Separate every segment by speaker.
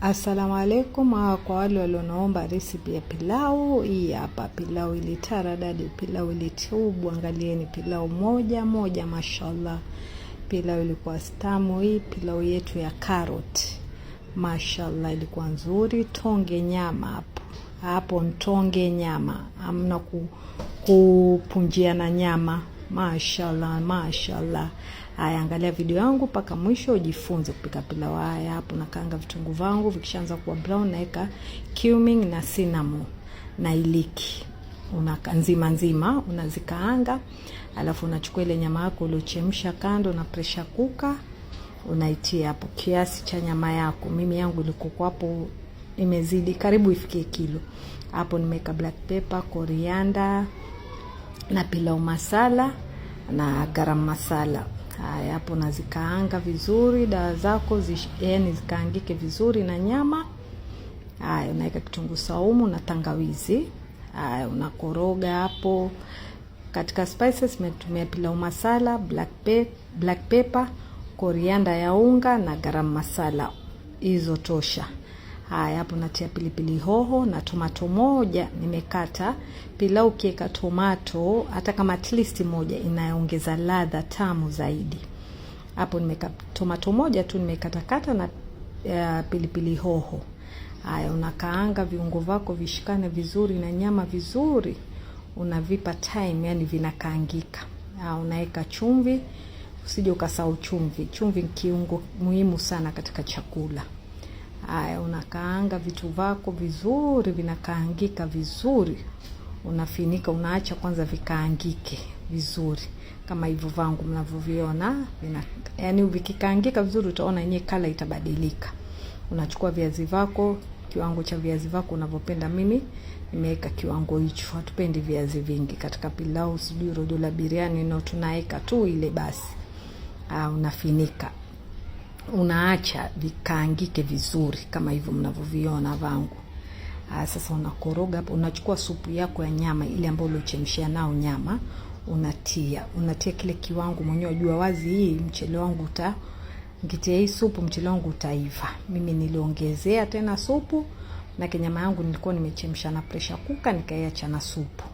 Speaker 1: Assalamu alaikum. Kwa wale walionaomba recipe ya pilau, hii hapa pilau ilitaradadi, pilau ilitubu. Angalieni pilau moja moja, mashallah, pilau ilikuwa stamu. Hii pilau yetu ya carrot, mashallah, ilikuwa nzuri. Tonge nyama hapo hapo, ntonge nyama, amna kupunjia na nyama Mashallah, mashallah. Haya, angalia video yangu mpaka mwisho ujifunze kupika pilau. Haya, hapo nakaanga vitunguu vangu, vikishaanza kuwa brown naweka cumin na cinnamon na iliki unaka nzima nzima unazikaanga, alafu unachukua ile nyama yako uliochemsha kando na pressure kuka, unaitia hapo kiasi cha nyama yako. Mimi yangu ilikuwa hapo imezidi karibu ifikie kilo. Hapo nimeweka black pepper, coriander na pilau masala na garam masala. Haya, hapo nazikaanga vizuri dawa zako zish, yani zikaangike vizuri na nyama. Haya, unaweka kitunguu saumu na tangawizi. Haya, unakoroga hapo. Katika spices metumia pilau masala, black pepper, black pepper, korianda ya unga na garam masala. Hizo tosha. Haya, hapo natia pilipili hoho na tomato moja nimekata. Pilau ukiweka tomato hata kama at least moja inaongeza ladha tamu zaidi. Hapo nimeka tomato moja tu nimekatakata na uh, pilipili hoho. Haya, unakaanga viungo vako vishikane vizuri na nyama vizuri, unavipa time, yani vinakaangika. Ah, Unaweka chumvi, usije ukasahau chumvi. Chumvi ni kiungo muhimu sana katika chakula. Haya, unakaanga vitu vako vizuri, vinakaangika vizuri, unafinika, unaacha kwanza vikaangike vizuri kama hivyo vangu mnavyoviona, yani vikikaangika vizuri, utaona yenyewe kala itabadilika. Unachukua viazi vako, kiwango cha viazi vako unavyopenda. Mimi nimeweka kiwango hicho, hatupendi viazi vingi katika pilau, sijui rojo la biriani, no, tunaweka tu ile basi. Aa, ah, unafinika unaacha vikaangike vizuri kama hivyo mnavyoviona vangu. Aa, ah, sasa unakoroga hapo, unachukua supu yako ya nyama ile ambayo uliochemshia nao nyama, unatia unatia kile kiwango mwenyewe, jua wazi hii mchele wangu uta ngitia hii supu, mchele wangu utaiva. Mimi niliongezea tena supu na kinyama yangu nilikuwa nimechemsha na presha kuka, nikaiacha na supu.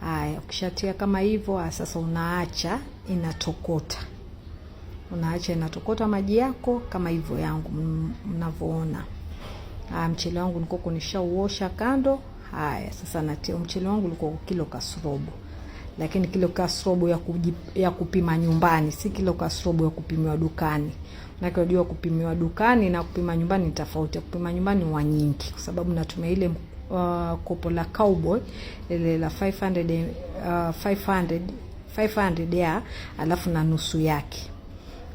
Speaker 1: Haya, ukishatia kama hivyo, ah, sasa unaacha inatokota unaacha inatokota maji yako kama hivyo yangu mnavyoona. Haya, mchele wangu niko nishauosha kando. Haya, sasa natia mchele wangu uliko kilo kasrobo. Lakini kilo kasrobo ya, ya kupima nyumbani, si kilo kasrobo ya kupimiwa dukani. Maana unajua kupimiwa dukani na kupima nyumbani ni tofauti. Kupima nyumbani wa nyingi kwa sababu natumia ile uh, kopo la cowboy ile la 500 uh, 500 500 ya alafu na nusu yake.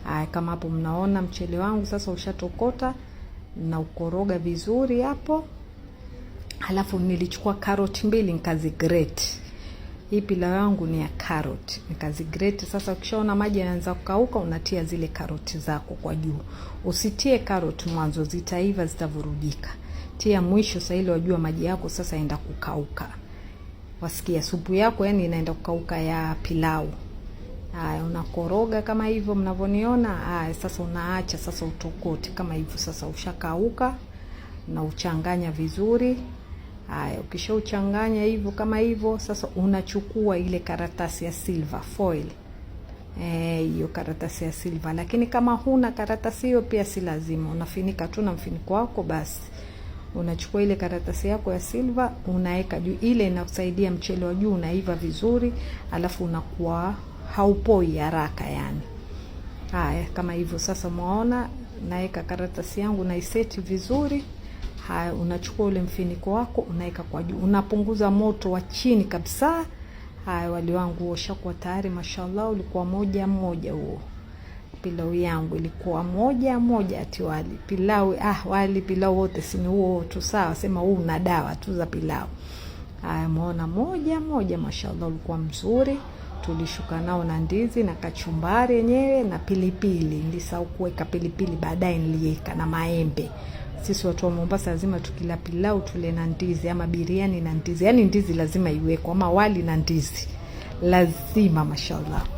Speaker 1: Aya, kama hapo mnaona mchele wangu sasa ushatokota na ukoroga vizuri hapo. Halafu nilichukua karoti mbili nikazi grate. Hii pilau yangu ni ya karoti, nikazi grate. Sasa ukishaona maji yanaanza kukauka, unatia zile karoti zako kwa juu. Usitie karoti mwanzo, zitaiva zitavurugika. Tia mwisho, sasa ile wajua maji yako sasa enda kukauka. Wasikia supu yako yani inaenda kukauka ya pilau. Haya, unakoroga kama hivyo mnavyoniona. Haya, sasa unaacha sasa utokote kama hivyo. Sasa ushakauka na uchanganya vizuri. Haya, ukishauchanganya hivyo kama hivyo, sasa unachukua ile karatasi ya silver foil eh, hiyo e, karatasi ya silver. Lakini kama huna karatasi hiyo, pia si lazima, unafinika tu na mfiniko wako basi. Unachukua ile karatasi yako ya silver unaweka juu, ile inakusaidia mchele wa juu unaiva vizuri, alafu unakuwa haupoi haraka yani. Haya, kama hivyo sasa, mwaona naweka karatasi yangu naiseti vizuri. Haya, unachukua ule mfiniko wako unaweka kwa juu, unapunguza moto wa chini kabisa. Haya, wali wangu ushakuwa tayari. Mashallah, ulikuwa moja moja huo. Pilau yangu ilikuwa moja moja ati wali pilau. Ah, wali pilau wote sini huo tu, sawa. Sema huu una dawa tu za pilau aya mwona moja moja, mashallah, ulikuwa mzuri. Tulishuka nao na ndizi na kachumbari yenyewe na pilipili. Nilisahau kuweka pilipili, baadaye niliweka na maembe. Sisi watu wa Mombasa lazima tukila pilau tule na ndizi ama biriani na ndizi, yaani ndizi lazima iwekwe, ama wali na ndizi lazima, mashallah.